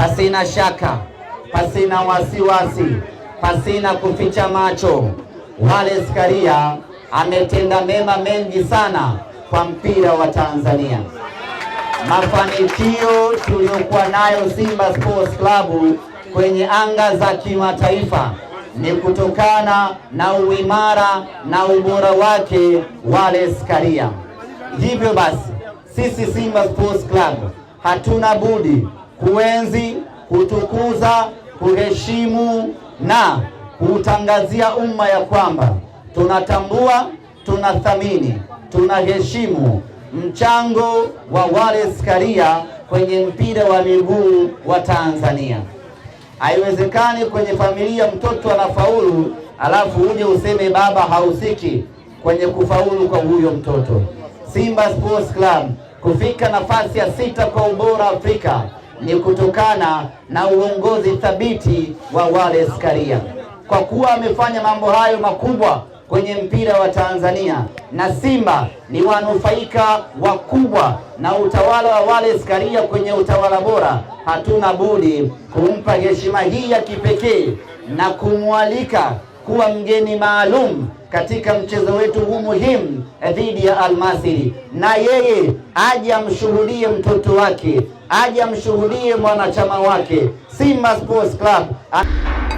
pasina shaka, pasina wasiwasi, pasina kuficha macho. Wallace Karia ametenda mema mengi sana kwa mpira wa Tanzania. Mafanikio tuliyokuwa nayo Simba Sports Club kwenye anga za kimataifa ni kutokana na uimara na ubora wake Wallace Karia. Hivyo basi sisi Simba Sports Club hatuna budi kuenzi, kutukuza, kuheshimu na kuutangazia umma ya kwamba tunatambua, tunathamini, tunaheshimu mchango wa Wallace Karia kwenye mpira wa miguu wa Tanzania. Haiwezekani kwenye familia mtoto anafaulu alafu uje useme baba hahusiki kwenye kufaulu kwa huyo mtoto. Simba Sports Club kufika nafasi ya sita kwa ubora Afrika ni kutokana na uongozi thabiti wa Wallace Karia, kwa kuwa amefanya mambo hayo makubwa kwenye mpira wa Tanzania na Simba ni wanufaika wakubwa na utawala wa Wallace Karia kwenye utawala bora. Hatuna budi kumpa heshima hii ya kipekee na kumwalika kuwa mgeni maalum katika mchezo wetu huu muhimu eh, dhidi ya Almasiri, na yeye aje amshuhudie mtoto wake, aje amshuhudie mwanachama wake Simba Sports Club.